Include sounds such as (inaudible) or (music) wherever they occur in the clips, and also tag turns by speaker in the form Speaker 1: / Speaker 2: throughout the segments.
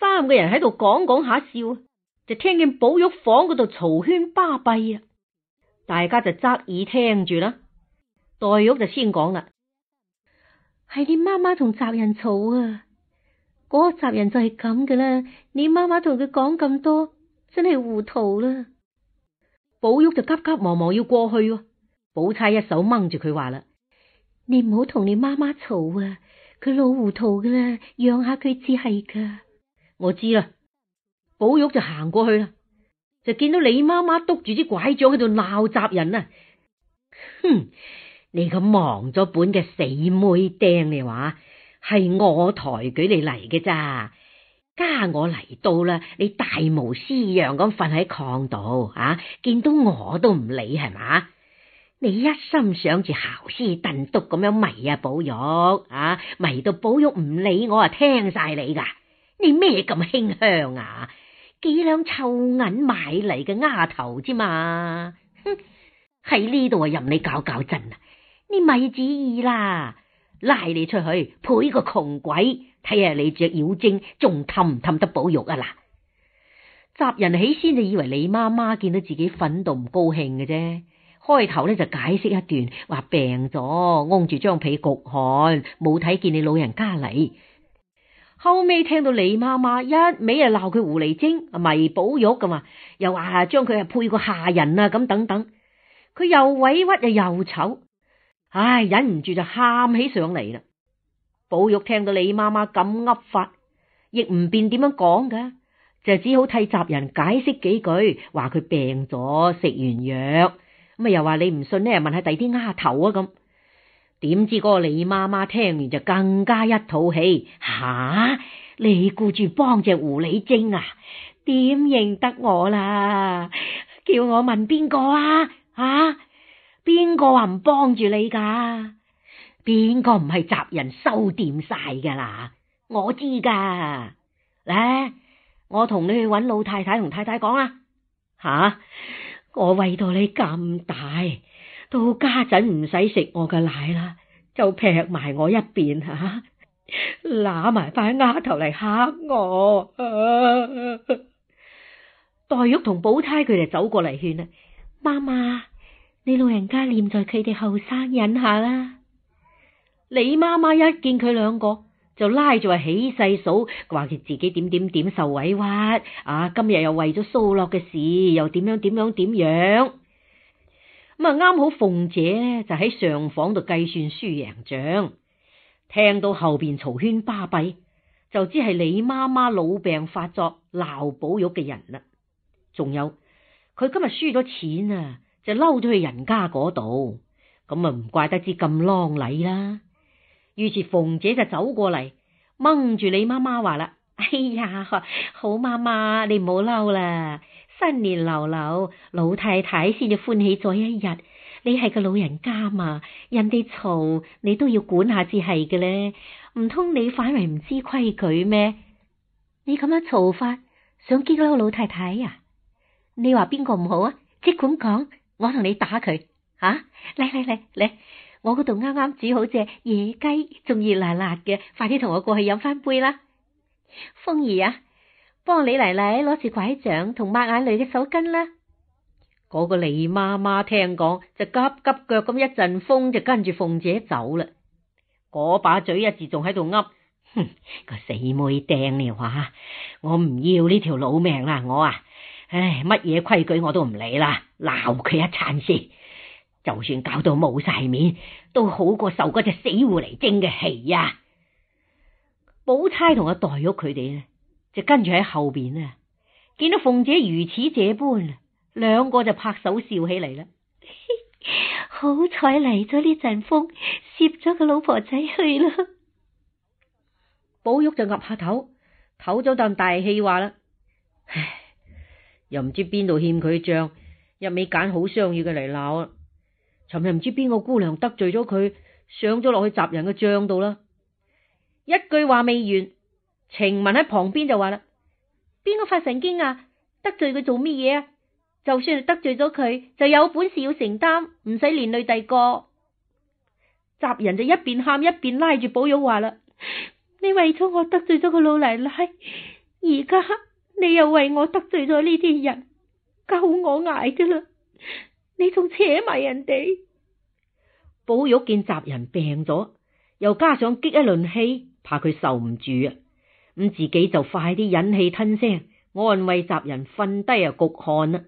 Speaker 1: 三個人喺度講講下笑，就聽見寶玉房嗰度嘈喧巴閉啊！大家就側耳聽住啦。黛玉就先講啦：係你媽媽同襲人吵啊！嗰個襲人就係咁噶啦，你媽媽同佢講咁多，真係糊塗啦！寶玉就急急忙忙要過去，寶釵一手掹住佢話啦：你唔好同你媽媽吵啊！佢老糊塗嘅啦，讓下佢至係噶。我知啦，寶玉就行過去啦，就見到李媽媽督住啲拐杖喺度鬧襲人啊！哼，你咁忘咗本嘅死妹釘，你話係我抬舉你嚟嘅咋？加我嚟到啦，你大模斯樣咁瞓喺炕度啊！見到我都唔理係嘛？你一心想住姣思頓篤咁樣迷啊，寶玉啊迷到寶玉唔理我啊，聽晒你噶。你咩咁馨香啊？幾兩臭銀買嚟嘅丫頭啫嘛！喺呢度啊，任你搞搞震啊！你咪旨意啦，拉你出去配個窮鬼，睇下你隻妖精仲氹唔氹得寶玉啊嗱！襲人起先就以為你媽媽見到自己憤到唔高興嘅啫，開頭咧就解釋一段，話病咗，揞住張被焗汗，冇睇見你老人家嚟。後尾聽到李媽媽一味啊鬧佢狐狸精啊迷寶玉咁啊，又話將佢係配個下人啊咁等等，佢又委屈又又醜，唉，忍唔住就喊起上嚟啦。寶玉聽到李媽媽咁噏法，亦唔便點樣講噶，就只好替襲人解釋幾句，話佢病咗食完藥咁啊，又話你唔信呢？問下第啲丫頭啊咁。點知嗰個李媽媽聽完就更加一肚氣，吓、啊、你顧住幫隻狐狸精啊？點認得我啦？叫我問邊個啊？吓，邊個話唔幫住你噶？邊個唔係襲人收掂晒噶啦？我知噶，嚟我同你去搵老太太同太太講啦，吓、啊、我餵到你咁大。到家陣唔使食我嘅奶啦，就劈埋我一邊吓，揦埋塊丫頭嚟嚇我啊！黛 (laughs) 玉同寶釵佢哋走過嚟勸啦，媽媽，你老人家念在佢哋後生忍下啦。李媽媽一見佢兩個，就拉住話起細嫂，話佢自己點點點受委屈啊！今日又為咗數落嘅事，又點樣點樣點樣。咁啊，啱好鳳姐呢就喺上房度計算輸贏賬，聽到後邊嘈喧巴閉，就知係李媽媽老病發作鬧寶玉嘅人啦。仲有佢今日輸咗錢啊，就嬲咗去人家嗰度，咁啊唔怪得知咁啷禮啦。於是鳳姐就走過嚟，掹住李媽媽話啦，哎呀，好媽媽，你唔好嬲啦。新年流流，老太太先至歡喜咗一日。你係個老人家嘛，人哋嘈你都要管下，至係嘅咧。唔通你反為唔知規矩咩？你咁樣嘈法，想激嬲老太太啊？你話邊個唔好啊？即管講，我同你打佢吓。嚟嚟嚟嚟，我嗰度啱啱煮好隻野雞，仲熱辣辣嘅，快啲同我過去飲翻杯啦，風兒啊！幫李奶奶攞住拐杖同抹眼淚嘅手巾啦。嗰個李媽媽聽講就急急腳咁一陣風就跟住鳳姐走啦。嗰把嘴一直仲喺度噏，哼個死妹釘你話，我唔要呢條老命啦，我啊，唉乜嘢規矩我都唔理啦，鬧佢一餐先，就算搞到冇晒面，都好過受嗰隻死狐狸精嘅氣啊！寶釵同阿黛玉佢哋咧。就跟住喺後邊啊，見到鳳姐如此這般，兩個就拍手笑起嚟啦。 (laughs) 好彩嚟咗呢陣風，攝咗個老婆仔去啦。寶玉就岌下頭，唞咗啖大氣，話啦：唉，又唔知邊度欠佢賬，又未揀好相要嘅嚟鬧啊！尋日唔知邊個姑娘得罪咗佢，上咗落去襲人嘅賬度啦。一句話未完。晴雯喺旁邊就話啦：，邊個發神經啊？得罪佢做乜嘢啊？就算係得罪咗佢，就有本事要承擔，唔使連累第二個。襲人就一邊喊一邊拉住寶玉話啦：，你為咗我得罪咗個老奶奶，而家你又為我得罪咗呢啲人，夠我挨噶啦！你仲扯埋人哋。寶玉見襲人病咗，又加上激一輪氣，怕佢受唔住啊！咁自己就快啲忍氣吞聲，安慰襲人瞓低啊焗汗啦，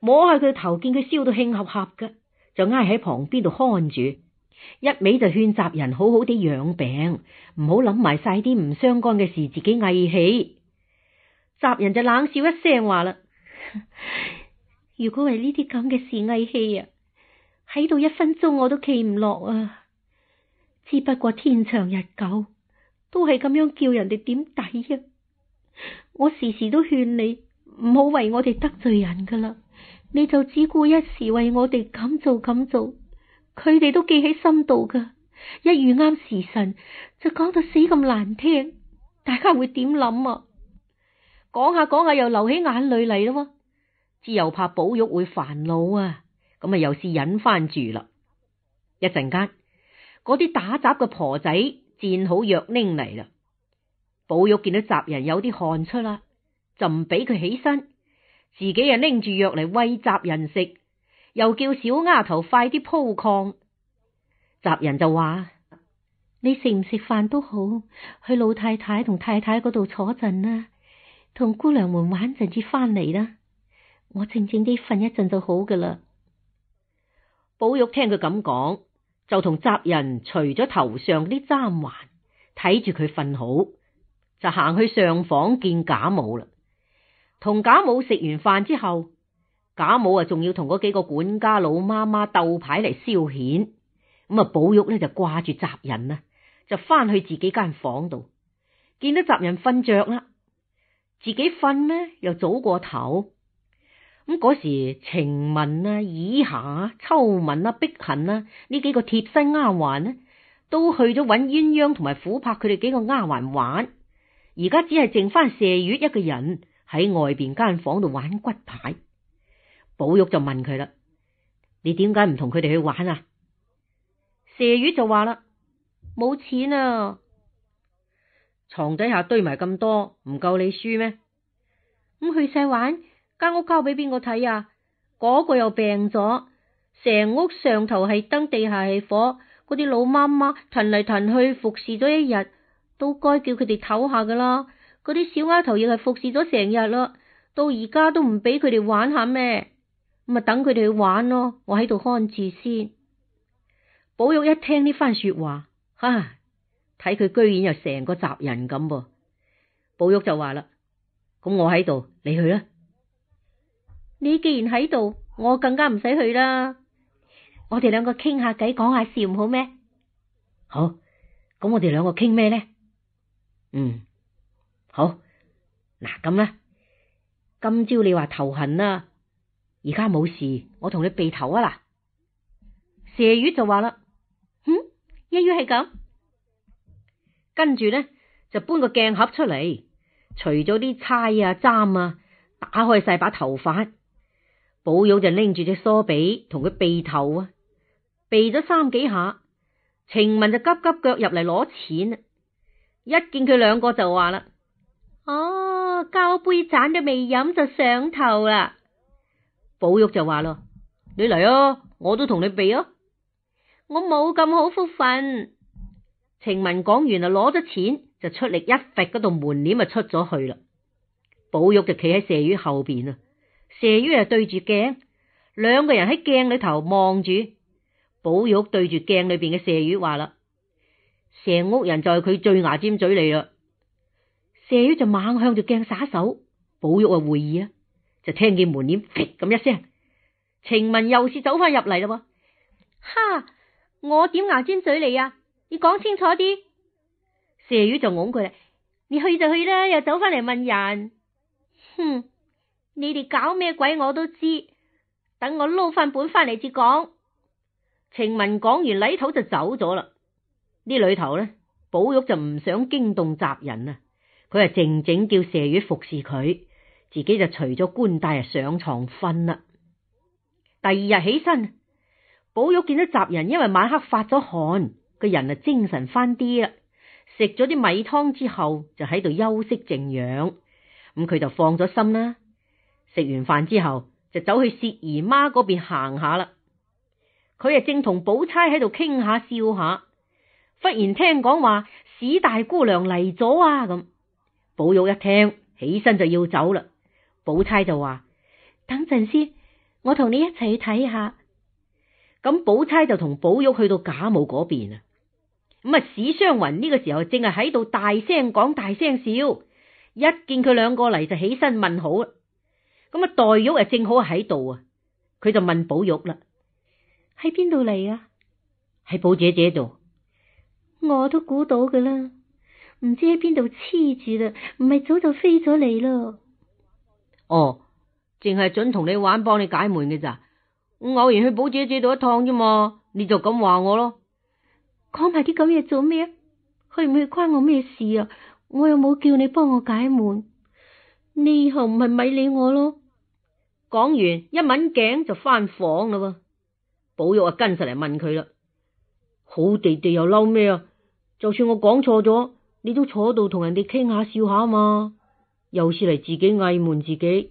Speaker 1: 摸下佢頭，見佢燒到興合合嘅，就挨喺旁邊度看住，一味就勸襲人好好地養病，唔好諗埋晒啲唔相關嘅事，自己翳氣。襲人就冷笑一聲話啦：， (laughs) 如果係呢啲咁嘅事翳氣啊，喺度一分鐘我都企唔落啊，只不過天長日久。都係咁樣叫人哋點抵啊！我時時都勸你唔好為我哋得罪人噶啦，你就只顧一時為我哋咁做咁做，佢哋都記喺心度噶。一遇啱時辰就講到死咁難聽，大家會點諗啊？講下講下又流起眼淚嚟咯，之又怕寶玉會煩惱啊！咁啊，又試忍翻住啦。一陣間嗰啲打雜嘅婆仔。煎好藥拎嚟啦，寶玉見到襲人有啲汗出啦，就唔俾佢起身，自己又拎住藥嚟喂襲人食，又叫小丫頭快啲鋪炕。襲人就話：你食唔食飯都好，去老太太同太太嗰度坐陣啦，同姑娘們玩陣至翻嚟啦，我靜靜啲瞓一陣就好噶啦。寶玉聽佢咁講。就同襲人除咗頭上啲簪環，睇住佢瞓好，就行去上房見賈母啦。同賈母食完飯之後，賈母啊，仲要同嗰幾個管家老媽媽鬥牌嚟消遣。咁啊，寶玉呢就掛住襲人啦，就翻去自己間房度，見到襲人瞓着啦，自己瞓呢又早過頭。咁嗰時，晴雯啊、以霞啊、秋文啊、碧痕啊，呢幾個貼身丫鬟呢，都去咗搵鴛鴦同埋琥珀佢哋幾個丫鬟玩。而家只係剩翻麝月一個人喺外邊間房度玩骨牌。寶玉就問佢啦：你點解唔同佢哋去玩啊？麝月就話啦：冇錢啊！床底下堆埋咁多，唔夠你輸咩？咁去晒玩。間屋交俾邊個睇啊？嗰個又病咗，成屋上頭係燈，地下係火，嗰啲老媽媽騰嚟騰去服侍咗一日，都該叫佢哋唞下噶啦。嗰啲小丫頭亦係服侍咗成日啦，到而家都唔俾佢哋玩下咩？咁咪等佢哋去玩咯，我喺度看住先。寶玉一聽呢番說話，吓，睇佢居然又成個雜人咁噃。寶玉就話啦：咁我喺度，你去啦。你既然喺度，我更加唔使去啦。我哋兩個傾下偈，講下笑，唔好咩？好，咁我哋兩個傾咩咧？嗯，好。嗱，咁啦，今朝你話頭痕啊，而家冇事，我同你篦頭啊嗱。蛇魚就話啦，嗯，一於係咁。跟住咧，就搬個鏡盒出嚟，除咗啲釵啊、簪啊，打開晒把頭髮。寶玉就拎住隻梳篦同佢篦頭啊，篦咗三幾下，晴雯就急急腳入嚟攞錢啊！一見佢兩個就話啦：哦，交杯盞都未飲就上頭啦！寶玉就話咯：你嚟啊，我都同你篦啊。我」我冇咁好福分。晴雯講完啊，攞咗錢就出力一甩嗰度門簾啊，出咗去啦。寶玉就企喺麝月後邊啊。蛇魚就對住鏡，兩個人喺鏡裏頭望住。寶玉對住鏡裏邊嘅蛇魚話啦：成屋人就係佢最牙尖嘴利啦。蛇魚就猛向住鏡撒手。寶玉啊，會議啊，就聽見門簾劈咁一聲，晴雯又是走翻入嚟啦。喎，哈，我點牙尖嘴利啊？你講清楚啲。蛇魚就懵佢啦，你去就去啦，又走翻嚟問人，哼。你哋搞咩鬼我都知，等我撈翻本翻嚟至講。晴雯講完禮頭就走咗啦。呢裏頭咧，寶玉就唔想驚動襲人啊，佢係靜靜叫麝月服侍佢，自己就除咗官帶啊上床瞓啦。第二日起身，寶玉見到襲人，因為晚黑發咗汗，個人啊精神翻啲啦，食咗啲米湯之後就喺度休息靜養，咁佢就放咗心啦。食完飯之後就走去薛姨媽嗰邊行下啦。佢啊正同寶釵喺度傾下笑下，忽然聽講話史大姑娘嚟咗啊！咁寶玉一聽起身就要走啦。寶釵就話：等陣先，我同你一齊去睇下。咁寶釵就同寶玉去到賈母嗰邊啊。咁啊史湘雲呢個時候正係喺度大聲講大聲笑，一見佢兩個嚟就起身問好。咁啊，黛玉啊，正好喺度啊，佢就問寶玉啦：喺邊度嚟啊？喺寶姐姐度，我都估到㗎啦，唔知喺邊度黐住啦，唔係早就飛咗嚟咯。哦，淨係准同你玩，幫你解悶嘅咋？偶然去寶姐姐度一趟啫嘛，你就咁話我咯？講埋啲咁嘢做咩啊？去唔去關我咩事啊？我又冇叫你幫我解悶，你以後唔係咪理我咯？講完一揾頸就翻房啦喎，寶玉啊跟實嚟問佢啦，好地地又嬲咩啊？就算我講錯咗，你都坐度同人哋傾下笑下嘛，又是嚟自己翳悶自己，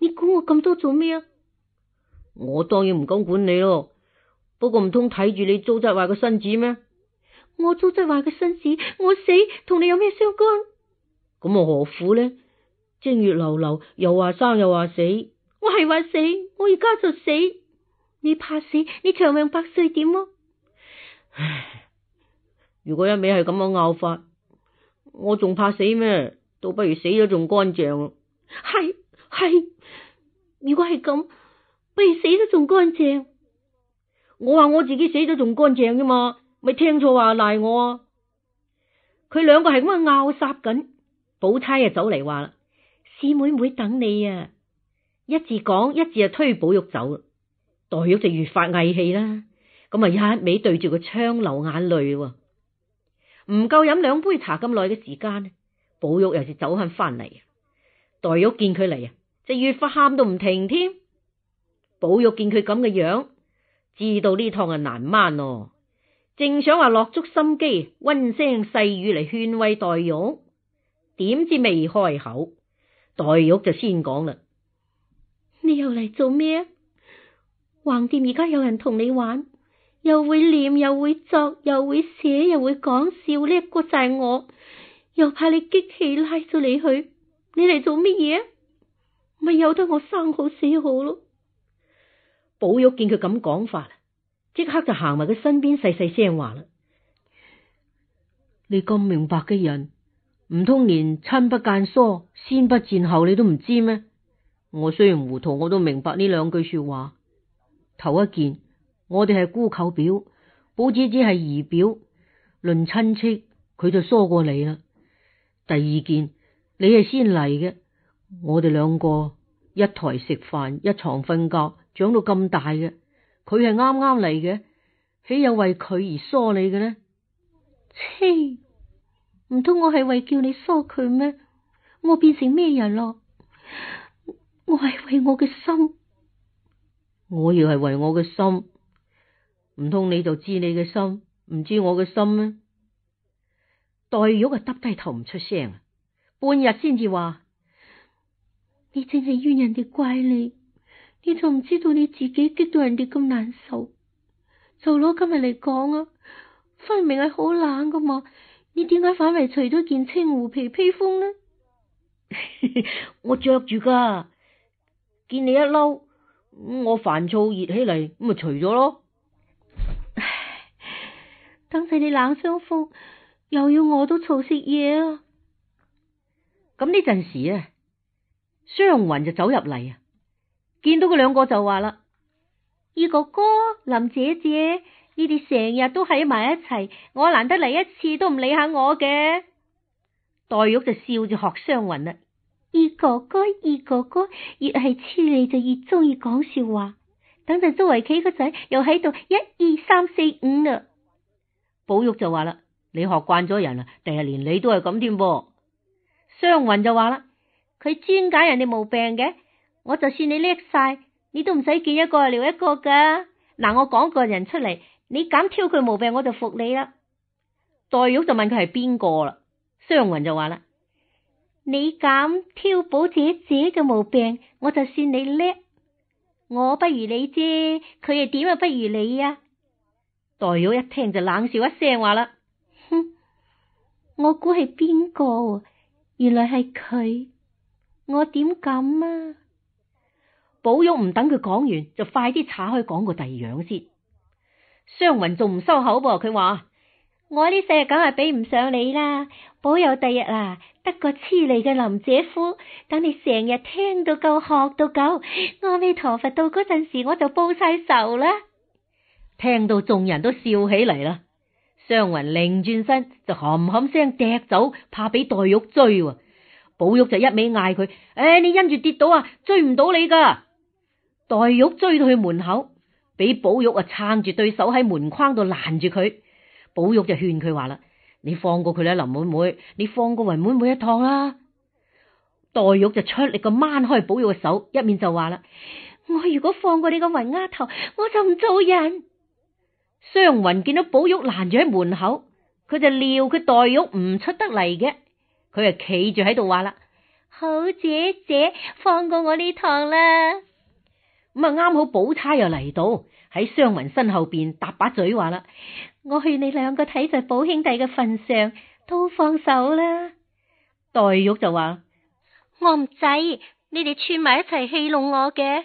Speaker 1: 你估我咁多做咩啊？我當然唔敢管你咯，不過唔通睇住你糟質壞個身子咩？我糟質壞個身子，我死同你有咩相干？咁啊何苦咧？正月流流，又話生又話死,死。我係話死，我而家就死。你怕死？你長命百歲點啊？唉，如果一味係咁樣拗法，我仲怕死咩？倒不如死咗仲乾淨。係係，如果係咁，不如死咗仲乾淨。我話我自己死咗仲乾淨㗎嘛，咪聽錯話賴我。啊！佢兩個係咁樣拗殺緊，寶釵就走嚟話啦。姊妹妹等你啊！一字講，一字啊，推寶玉走。黛玉就越發翳氣啦，咁啊，一味對住個窗流眼淚。唔夠飲兩杯茶咁耐嘅時間，寶玉又是走翻翻嚟。黛玉見佢嚟啊，就越發喊到唔停添。寶玉見佢咁嘅樣，樣，知道呢趟啊難掹哦，正想話落足心機，溫聲細語嚟勸慰黛玉，點知未開口。黛玉就先講啦：你又嚟做咩？橫掂而家有人同你玩，又會念，又會作，又會寫，又會講笑，叻過晒我，又怕你激氣拉咗你去，你嚟做乜嘢？咪由得我生好死好咯。寶玉見佢咁講法，即刻就行埋佢身邊細細聲話啦：你咁明白嘅人，唔通連親不間疏先不見後你都唔知咩？我雖然糊塗，我都明白呢兩句說話。頭一件，我哋係姑舅表，寶姐姐係姨表，論親戚佢就疏過你啦。第二件，你係先嚟嘅，我哋兩個一台食飯一床瞓覺，長到咁大嘅，佢係啱啱嚟嘅，豈有為佢而疏你嘅呢？黐。唔通我係為叫你梳佢咩？我變成咩人咯？我係為我嘅心，我要係為我嘅心。唔通你就知你嘅心，唔知我嘅心咩？黛玉啊，耷低頭唔出聲啊，半日先至話：你淨係怨人哋怪你，你仲唔知道你自己激到人哋咁難受？就攞今日嚟講啊，分明係好冷噶嘛。你點解反為除咗件青狐皮披風呢？ (laughs) 我着住噶，見你一嬲，我煩躁熱起嚟，咁咪除咗咯。 (laughs) 等陣你冷傷風，又要我都嘈食嘢啊！咁呢陣時啊，湘雲就走入嚟啊，見到佢兩個就話啦：，二哥哥，林姐姐。你哋成日都喺埋一齊，我難得嚟一次都唔理下我嘅。黛玉就笑住學湘雲啦，二哥哥二哥哥，越係黐你就越中意講笑話。等陣捉圍棋個仔又喺度一二三四五啦。寶玉就話啦：，你學慣咗人啦，第日連你都係咁添。湘雲就話啦：，佢專解人哋毛病嘅，我就算你叻晒，你都唔使見一個撩一個噶。嗱，我講個人出嚟。你敢挑佢毛病，我就服你啦！黛玉就問佢係邊個啦，湘雲就話啦：你敢挑寶姐姐嘅毛病，我就算你叻，我不如你啫，佢又點又不如你啊！黛玉一聽就冷笑一聲，話啦：哼，我估係邊個？原來係佢，我點敢啊！寶玉唔等佢講完，就快啲岔開講個第二樣先。湘雲仲唔收口噃，佢話，我呢世梗係比唔上你啦，保佑第日啊，得個痴嚟嘅林姐夫，等你成日聽到夠學到夠，阿彌陀佛到嗰陣時我就報晒仇啦！聽到眾人都笑起嚟啦，湘雲擰轉身就喊喊聲趯走，怕俾黛玉追。寶玉就一味嗌佢：，誒、哎，你因住跌倒啊，追唔到你噶！黛玉追到去門口。俾寶玉啊撐住對手喺門框度攔住佢，寶玉就勸佢話啦：，你放過佢啦，林妹妹，你放過雲妹妹一趟啦。黛玉就出力咁掹開寶玉嘅手，一面就話啦：，我如果放過你個雲丫頭，我就唔做人。湘雲見到寶玉攔住喺門口，佢就料佢黛玉唔出得嚟嘅，佢就企住喺度話啦：，好姐姐，放過我呢趟啦。咁啊，啱好寶釵又嚟到。喺湘雲身後邊，搭把嘴話啦：，我勸你兩個睇在寶兄弟嘅份上，都放手啦。黛玉就話：，我唔制，你哋串埋一齊戲弄我嘅。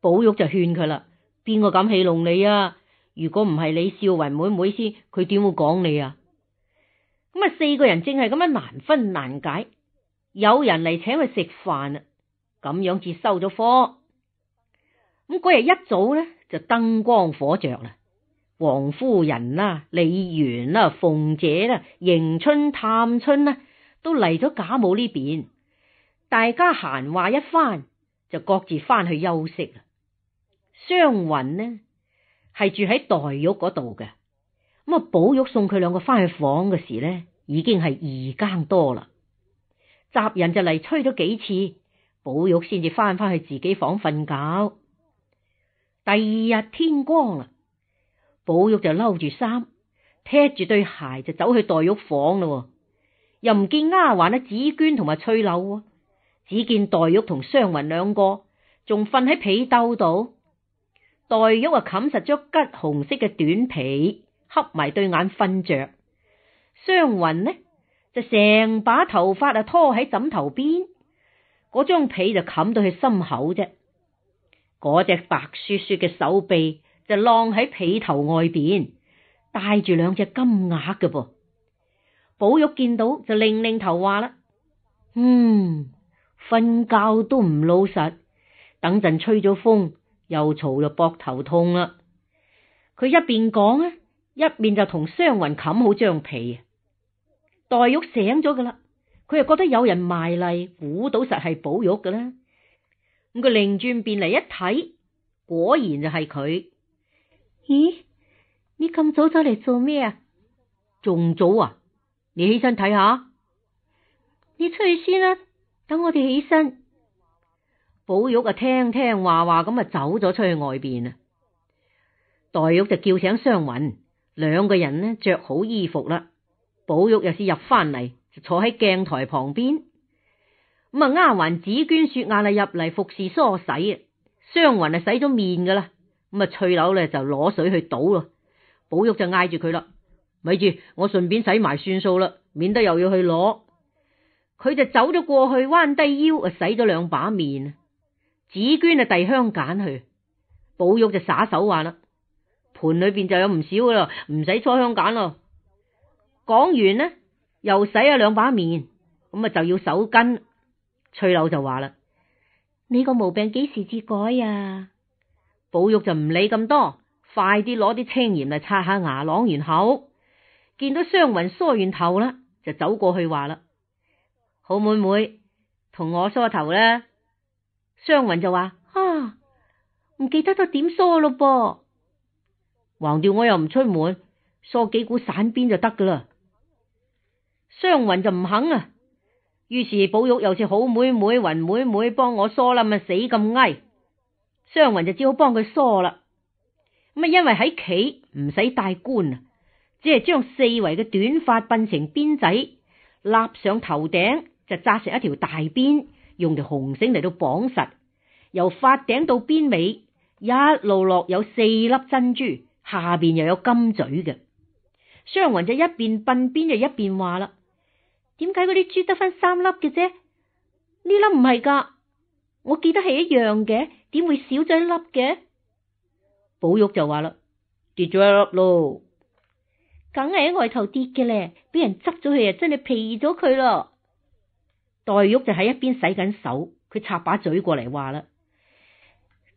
Speaker 1: 寶玉就勸佢啦：，邊個敢戲弄你啊？如果唔係你笑雲妹妹先，佢點會講你啊？咁啊，四個人正係咁樣難分難解，有人嚟請佢食飯啊，咁樣至收咗科。咁嗰日一早咧就燈光火著啦，王夫人啦、啊、李紈、啊、啦、鳳姐啦、啊、迎春探春呢、啊，都嚟咗賈母呢邊，大家閒話一番，就各自翻去休息啦。湘雲呢係住喺黛玉嗰度嘅，咁啊寶玉送佢兩個翻去房嘅時呢，已經係二更多啦，襲人就嚟催咗幾次，寶玉先至翻翻去自己房瞓覺。第二日天光啦，寶玉就褸住衫，踢住對鞋就走去黛玉房啦。又唔見丫鬟呢，紫鵑同埋翠柳，只見黛玉同湘雲兩個仲瞓喺被兜度。黛玉啊，冚實咗桔紅色嘅短被，瞌埋對眼瞓着。湘雲呢，就成把頭髮啊拖喺枕頭邊，嗰張被就冚到佢心口啫。嗰隻白雪雪嘅手臂就晾喺被頭外邊，戴住兩隻金額嘅噃。寶玉見到就擰擰頭話啦：嗯，瞓覺都唔老實，等陣吹咗風又嘈又膊頭痛啦。佢一邊講啊，一邊就同湘雲冚好張被。黛玉醒咗噶啦，佢又覺得有人賣麗，估到實係寶玉噶啦。咁佢擰轉，變嚟一睇，果然就係佢。咦，你咁早走嚟做咩啊？仲早啊！你起身睇下。你出去先啦，啊，等我哋起身。寶玉啊，聽聽話話咁啊，走咗出去外邊啦。黛玉就叫醒湘雲，兩個人咧着好衣服啦。寶玉又是入翻嚟，就坐喺鏡台旁邊。咁啊！丫鬟紫鵑雪雁啊入嚟服侍梳洗啊，湘雲啊洗咗面噶啦。咁啊翠柳咧就攞水去倒咯。寶玉就嗌住佢啦，咪住，我順便洗埋算數啦，免得又要去攞。佢就走咗過去，彎低腰啊洗咗兩把面。紫鵑啊遞香梘去，寶玉就耍手話啦，盆裏邊就有唔少噶啦，唔使搓香梘咯。講完呢，又洗咗兩把面，咁啊就要手巾。翠柳就話啦：，你個毛病幾時至改啊？寶玉就唔理咁多，快啲攞啲青鹽嚟擦下牙，晾完口。見到雙雲梳完頭啦，就走過去話啦：，好妹妹，同我梳頭啦。雙雲就話：，啊，唔記得咗點梳咯噃，橫掂我又唔出門，梳幾股散邊就得噶啦。雙雲就唔肯啊。於是寶玉又似好妹妹、雲妹妹，妹幫我梳啦，咪死咁矮，雙雲就只好幫佢梳啦。咁啊，因為喺企唔使戴冠啊，只係將四圍嘅短髮鬢成辮仔，立上頭頂就紮成一條大辮，用條紅繩嚟到綁實，由髮頂到辮尾一路落有四粒珍珠，下邊又有金嘴嘅。雙雲就一邊鬢辮就一邊話啦。點解嗰啲珠得翻三粒嘅啫？呢粒唔係噶，我記得係一樣嘅，點會少咗一粒嘅？寶玉就話啦，跌咗一粒咯，梗係喺外頭跌嘅咧，俾人執咗佢啊，真係皮咗佢咯。黛玉就喺一邊洗緊手，佢插把嘴過嚟話啦，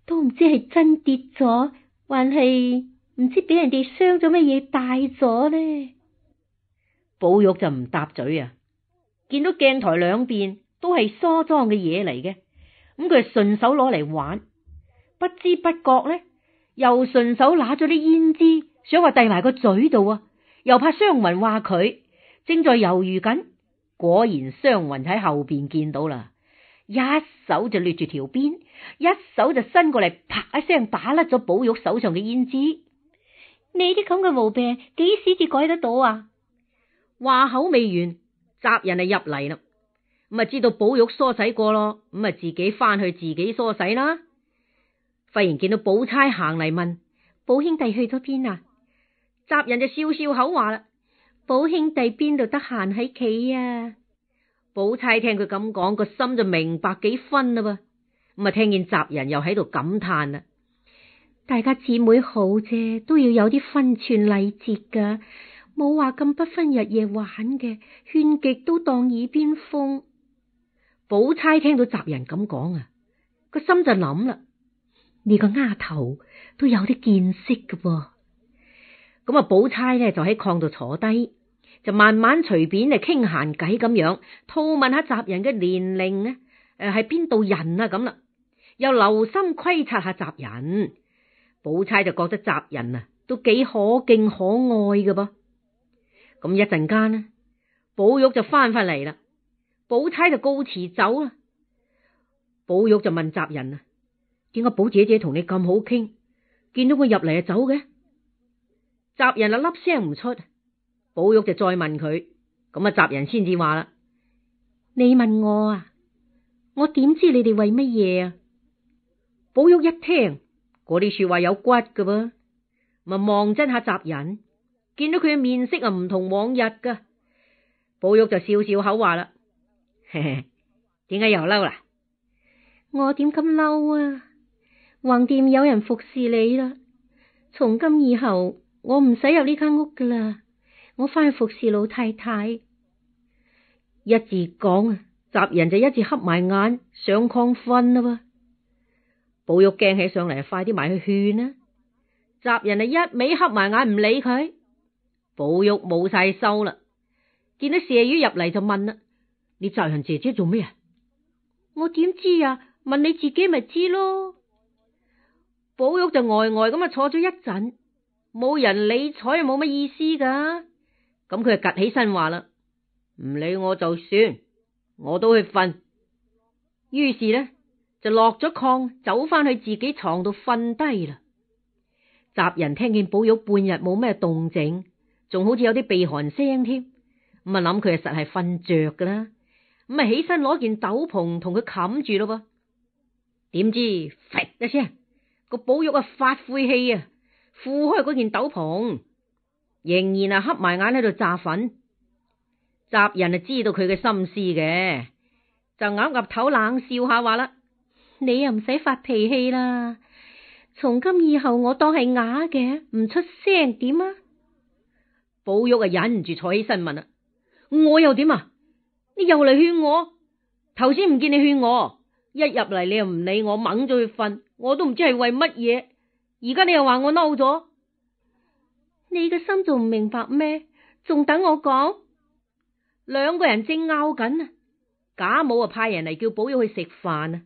Speaker 1: 都唔知係真跌咗，還是唔知俾人哋傷咗乜嘢大咗咧？寶玉就唔搭嘴啊。見到鏡台兩邊都係梳妝嘅嘢嚟嘅，咁佢順手攞嚟玩，不知不覺咧又順手拿咗啲胭脂，想話遞埋個嘴度啊，又怕湘雲話佢，正在猶豫緊，果然湘雲喺後邊見到啦，一手就掠住條邊，一手就伸過嚟，啪一聲打甩咗寶玉手上嘅胭脂。你啲咁嘅毛病幾時至改得到啊？話口未完。襲人就入嚟啦，咁啊知道寶玉梳洗過咯，咁啊自己翻去自己梳洗啦。忽然見到寶釵行嚟問：寶兄弟去咗邊啊？襲人就笑笑口話啦：寶兄弟邊度得閒喺企啊？寶釵聽佢咁講，個心就明白幾分啦噃。咁啊聽見襲人又喺度感嘆啊，大家姊妹好啫，都要有啲分寸禮節噶。冇話咁不分日夜玩嘅，勸極都當耳邊風。寶釵聽到襲人咁講啊，個心就諗啦，呢個丫頭都有啲見識嘅噃。咁啊，寶釵咧就喺炕度坐低，就慢慢隨便嚟傾閒偈咁樣，套問下襲人嘅年齡啊，誒係邊度人啊咁啦，又留心窺察下襲人。寶釵就覺得襲人啊都幾可敬可愛嘅噃。咁一陣間咧，寶玉就翻返嚟啦，寶釵就告辭走啦。寶玉就問襲人啊，點解寶姐姐同你咁好傾？見到佢入嚟就走嘅？襲人啊，粒聲唔出。寶玉就再問佢，咁啊，襲人先至話啦：你問我啊，我點知你哋為乜嘢啊？寶玉一聽，嗰啲說話有骨噶喎，咪望真下襲人，見到佢嘅面色啊，唔同往日噶。寶玉就笑笑口話啦： (laughs) 嘿，點解又嬲？啦我點咁嬲？啊橫掂有人服侍你啦。從今以後，我唔使入呢間屋噶啦。我翻去服侍老太太。一字講啊，襲人就一直合埋眼想抗瞓啦。寶玉驚起上嚟，快啲埋去勸啊！襲人啊，一味合埋眼唔理佢。寶玉冇晒收啦，見到蛇魚入嚟就問啦，你襲人姐姐做咩啊？我點知啊？問你自己咪知咯。寶玉就呆呆咁坐咗一陣，冇人理睬，冇乜意思噶。咁佢就夾起身話啦：唔理我就算，我都去瞓。於是咧就落咗炕，走翻去自己床度瞓低啦。襲人聽見寶玉半日冇咩動靜。仲好似有啲鼻鼾聲添，咁啊諗佢啊實係瞓着噶啦，咁啊起身攞件斗篷同佢冚住咯。噃，點知，一聲個寶玉啊發晦氣啊，扶開嗰件斗篷，仍然啊黑埋眼喺度炸粉。襲人啊知道佢嘅心思嘅，就岌岌頭冷笑下，話啦：你又唔使發脾氣啦，從今以後我當係啞嘅，唔出聲點啊！寶玉啊，忍唔住坐起身問啦：我又點啊？你又嚟勸我？頭先唔見你勸我，一入嚟你又唔理我，掹咗去瞓，我都唔知係為乜嘢。而家你又話我嬲咗，你嘅心仲唔明白咩？仲等我講。兩個人正拗緊啊，賈母啊派人嚟叫寶玉去食飯啊。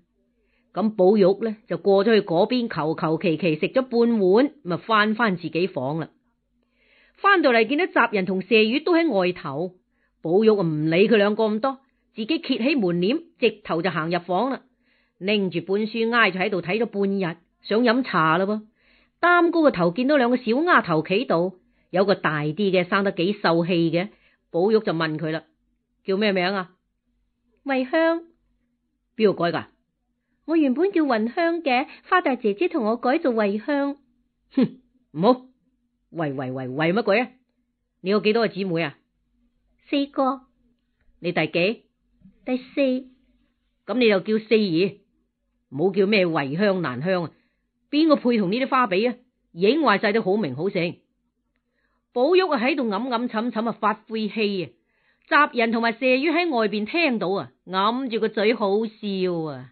Speaker 1: 咁寶玉咧就過咗去嗰邊，求求其其食咗半碗，咪翻翻自己房啦。翻到嚟見到襲人同麝月都喺外頭，寶玉唔理佢兩個咁多，自己揭起門簾，直頭就行入房啦。拎住本書挨住喺度睇咗半日，想飲茶啦噃。擔高個頭見到兩個小丫頭企度，有個大啲嘅生得幾秀氣嘅，寶玉就問佢啦：叫咩名啊？慧香？邊度改噶？我原本叫雲香嘅，花大姐姐同我改做慧香。哼，唔好。喂喂喂，為乜鬼啊？你有幾多個姊妹啊？四個。你第幾？第四。咁你又叫四姨，冇叫咩蕙香蘭香啊？邊個配同呢啲花比啊？影壞晒都好名好姓。寶玉啊喺度暗暗沉沉啊發晦氣啊！襲人同埋麝月喺外邊聽到啊，揞住個嘴好笑啊！